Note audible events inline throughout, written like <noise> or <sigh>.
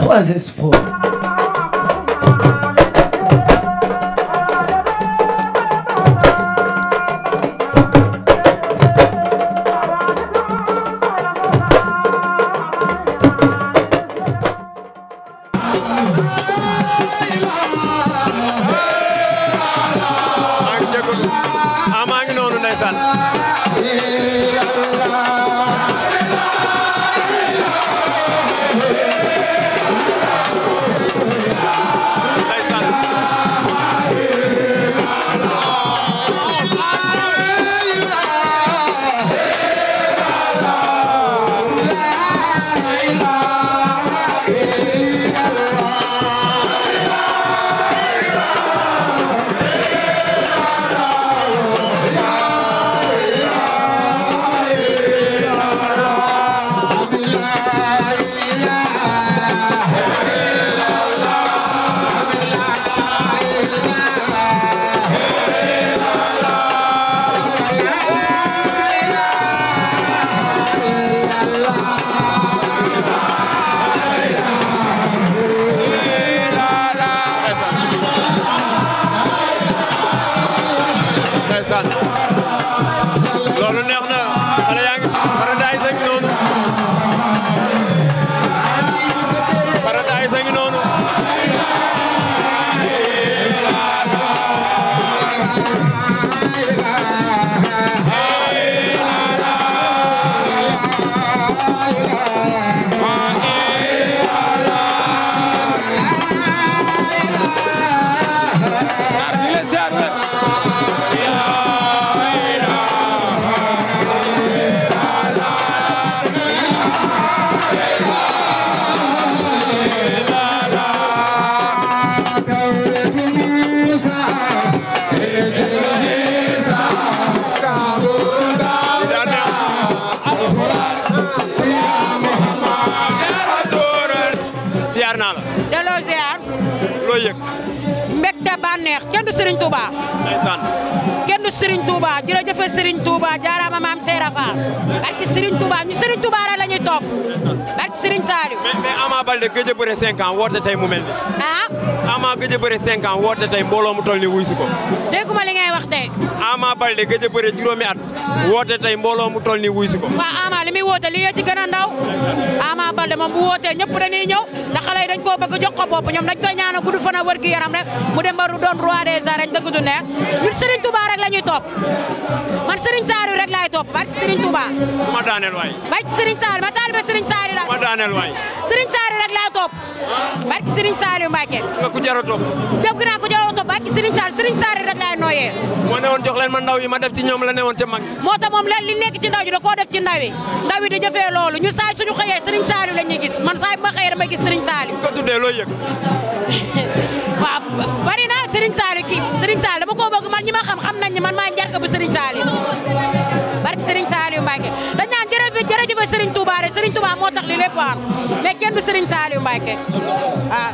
What was this for? koy yëg. mbégte bànneex kenn du Serigne Touba. ndeysaan. kenn du Serigne Touba jërëjëf Serigne Touba. Touba jaaraama maam Seera Faal barki Serigne Touba ñu Serigne Touba rek la ñuy barki Serigne Saliou. mais mais Ama Baldé gëj a bëre 5 ans woote tey mu mel ni. ah. Ama gëj a bëre 5 ans tey mbooloo mu toll ni wuy si ko. dégguma li ngay wax tey. Ama Baldé gëj a bëre juróomi at. te tey mbooloo mu tol ni wuy si ko. waaw Ama li muy woote li yo ci gën a ndaw. Ama moom bu wootee ñëpp dañuy ñëw ndax xale yi koo bëgg jox ko a ba doon roi des arènes dëgg du neex Saaliw rek laay topp barke Serigne Touba. bu ma daaneel waay. barke Serigne Saaliw ma taalibe Serigne Saaliw laa. bu ma daaneel waay. Serigne Saaliw rek laay topp. barke Serigne Saaliw Mbacke. ku jar a topp. jëm naa ku jar a topp barke Serigne Saaliw Serigne Saaliw rek laay nooyee. moo newoon jox leen ma ndaw yi ma def ci ñoom la newoon ca mag. moo tax moom leen li nekk ci ndaw ji da koo def ci ndaw yi di jëfee loolu ñu saay suñu xëyee Serigne Saaliw la ñuy gis man saay bu ma xëyee dama gis Serigne Saaliw. ko tuddee looy yëg. <laughs> waaw bari na Serigne man ñi ma xam xam nañ fi jërëjëf Serigne Touba rek Serigne moo tax li lépp am mais kenn du Serigne Saliou Mbacké ah.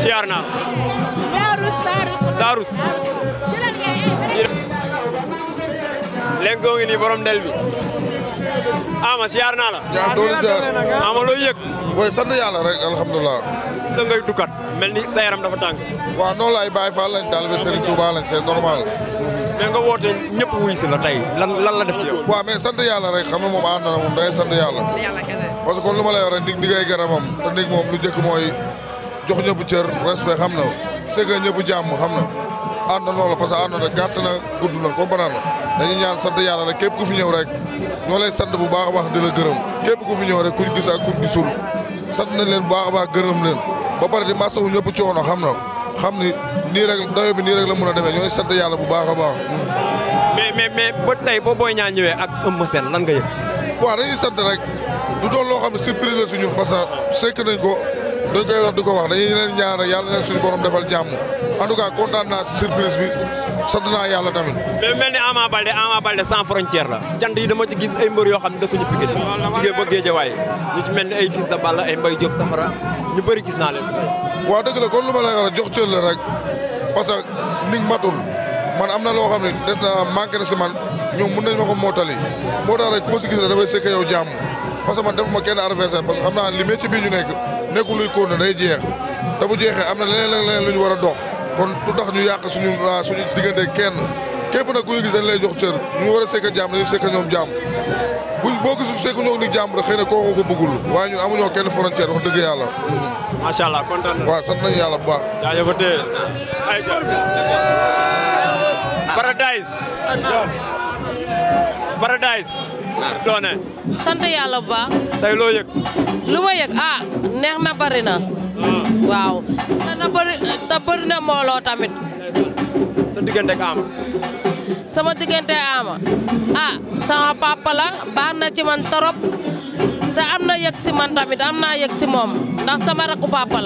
siyaar naa. Daarus Daarus. Eh, eh. léegi ngi nii borom del bi. ama siyaar naa la. yaa doon ama looy yëg. booy sant yàlla rek alhamdulilah. da ngay dukkat mel ni sa dafa tàng. waa noonu laay Baay Faal daal ba Serigne Touba lañ c'est mais nga ñëpp wuy si la lan lan la def ci yow. waaw sant yàlla rek xam nga moom ànd na moom day sant yàlla. parce que kon lu ma lay wax rek ndig ndigay garabam te ndig moom lu njëkk mooy jox ñëpp cër respect xam na sëgg ñëpp jàmm xam na ànd na loolu parce que ànd na gàtt na gudd na comprendre na dañuy ñaan sant yàlla rek képp ku fi ñëw rek ñoo lay sant bu baax a baax di la gërëm képp ku fi ñëw rek kuñ gis ak kuñ gisul sant nañ leen bu baax baax gërëm leen ba pare di masawu ñëpp coono xam na xam ni nii rek dayo bi nii rek la mën a demee ñooy sant yàlla bu baax a baax. mais mais mais ba tey ba Boy Niang ñëwee ak Eumeu Sène lan nga yëg. waaw dañuy sant rek du doon loo xam ne surprise la suñu parce que nañ ko dañ koy wax di ko wax dañuy leen ñaan rek yàlla na suñu borom defal jàmm en tout cas kontaan naa si surprise bi sant naa yàlla tamit. mais mel ni Ama Baldé Ama Baldé sans la. jant yi dama ci gis ay mbër yoo xam ne dëkkuñu Pikine. jugee ba Géejawaay ñu ci mel ni ay Fils de Balla ay Mbaye Safara ñu bëri gis naa leen. waaw dëgg la kon lu ma lay wax jox cër la rek parce que nit matul man am na loo xam ne des na manqué na si ñoom mun nañ ma ko moo tax rek koo si gis ne dafay sëkk yow jàmm parce que man defuma kenn adversaire parce que xam naa li métier bi ñu nekk nekkul luy kóon day jeex te bu jeexee am na leneen ak leneen lu ñu war a dox kon tu tax ñu yàq suñu suñu diggante kenn képp nag ku ñu gis dañ lay jox cër ñu war a sëkk jàmm dañuy sëkk ñoom jàmm bu boo gisul sëkk ñoo ni jàmm rek xëy na kooku ko bëggul kenn frontière wax dëgg macha allah kontaan na waaw sant nañu yàlla bu baax. jaajëfatee. ayca. Paradise. Paradise. doone. sant yàlla bu loo yëg. lu ma yëg ah, neex na bari na. Ah. waaw te na bëri te bëri na mbooloo tamit. sa diggante ak Ama. sama diggante Ama ah sama papa la baax na ci torop. te am na yëg si man am na yëg si moom ndax sama rakku papa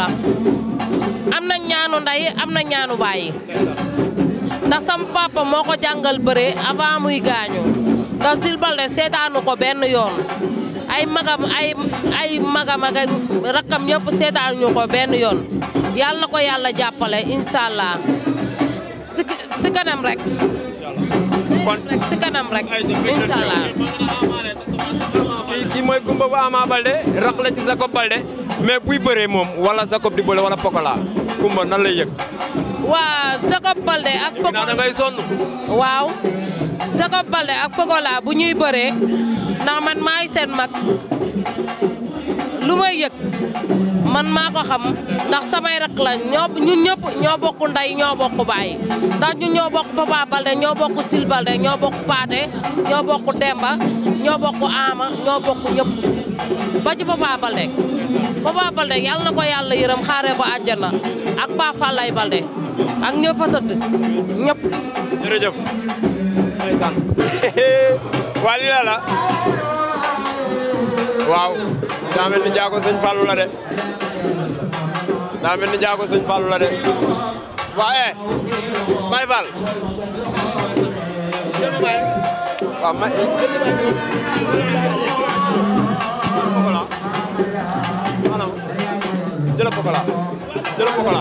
am na ñaanu ndey am na ñaanu baay ndax sama papa moo ko jàngal bëre avant muy gaañu ndax Jules seetaanu ko benn yoon ay magam ay ay magam rakkam ñëpp seetaanuñu ko benn yoon yàlla na ko yàlla jàppale incha allah si si kanam rek. kon kii mooy Gumba bu Ama Baldé raq la ci Jacob Baldé mais buy bëree moom wala Jacob di bële wala Pokola Gumba nan lay yëg. waaw Jacob Baldé ak. Pokola bu ñuy bëree ndax man maay seen mag. lu may yëg man maa ko xam ndax samay rak la ñoo ñun ñëpp ñoo bokk ndey ñoo baay ndax ñun ñoo bokk Papa Balde ñoo Sil Balde ñoo bokk Paate ñoo bokk Demba ñoo bokk Ama ñoo ñëpp ba ci Balde Papa Balde yàlla na ko yàlla yërëm xaaree ko àjjana ak Pa Fallay Balde ak ñëpp ñëpp. jërëjëf. <laughs> waa waaw daa mel ni njaago sëñ Fallou la de daa mel ni njaago sëñ la de waaw eh Baye Fall waaw ma jëla pokola jëla pokola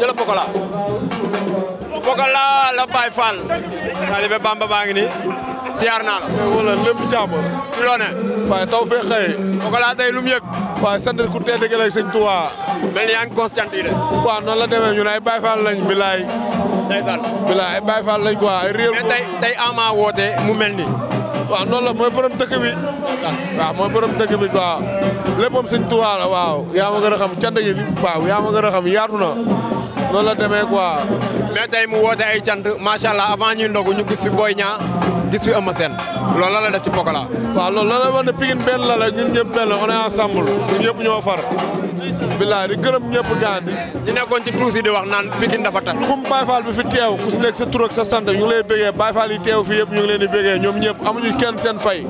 jëla pokola pokola la Baye Fall taalibe Bamba baa ngi nii siyaar naa la. wala lépp jàmm. ci loo ne. waaye taw fee xëy. foog tey lu mu yëg. waaye sant ku tedd gi lay sëñ Tuubaa. mel ni yaa ngi constant yi de. waaw noonu la demee ñun ay Baye Fall lañ bilaay. bilaay ay Baye Fall lañ quoi ay réew. mais tey tey Ama woote mu mel ni waaw noonu la mooy borom dëkk bi. waaw mooy borom dëkk bi quoi. léppam sëñ Tuubaa la waaw yaa ma gën a xam cant gi waaw yaa ma gën a xam yaatu na. loolu la demee quoi. mais tey mu woote ay cant macha allah avant ñuy ndogu ñu gis fi Boy Niang gis fi Eumeu sen loolu la la def ci Pokola. waaw loolu la la wax benn la la ñun ñëpp benn on est ensemble ñun ñëpp ñoo far. bilaay di gërëm ñëpp gaan di ñu nekkoon ci tuusi di wax naan Pikine dafa tas xum Baye Fall bi fi teew ku si nekk sa tur ak sa sant ñu ngi lay yi teew fi yëpp ñu ngi leen di béggee ñoom ñëpp amuñu kenn seen fay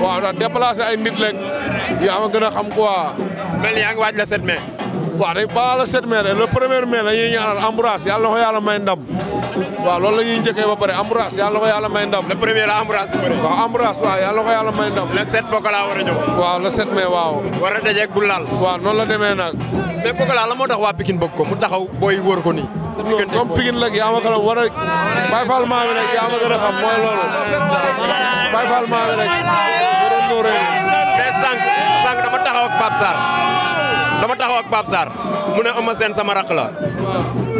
waaw ndax déplacé ay nit rek yaa ma gën a xam quoi mel ni yaa ngi waaj la waaw day balaa la sept mai le premier mai la ñuy ñaanal Ambroise yàlla na ko yàlla may ndam waaw loolu la ñuy njëkkee ba pare Ambroise yàlla na ko yàlla may ndam. le premier la Ambroise di bëre. waaw Ambroise waaw yàlla na ko yàlla may ndam. le sept Pokola war a ñëw. waaw le sept mai waaw. war a dajeeg bul laal. waaw noonu la demee nag. mais Pokola la moo tax waa Pikine bëgg ko mu taxaw booy wër ko nii. comme Pikine la yaa ma ko war a Baye Fall maa ngi rek yaa ma gën a xam mooy loolu Baye Fall maa ngi rek. mais sànq sànq dama taxaw ak Pape Sarr dama taxaw ak mu ne Eumeu seen sama rakk la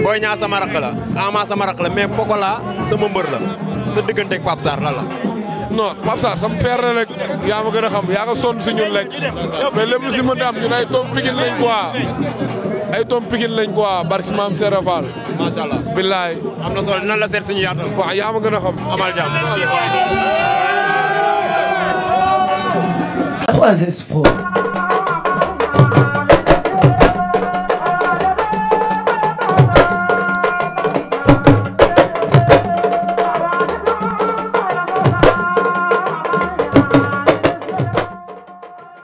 Boy Niang sama rakk la Ama sama rakk la mais laa sama mbër la sa diggante ak Pape Sarr lan la. sama père la rek yaa gën a xam yaa nga sonn si ñun rek mais lépp lu si mën a am ñun ay doom Pikine lañ quoi ay doom Pikine lañ quoi barki maam Serap Fall. macha allah billaay. am na solo dinañ la seet suñu yaatal. waaw yaa ma gën a xam. amal jàmm. Trois espoirs.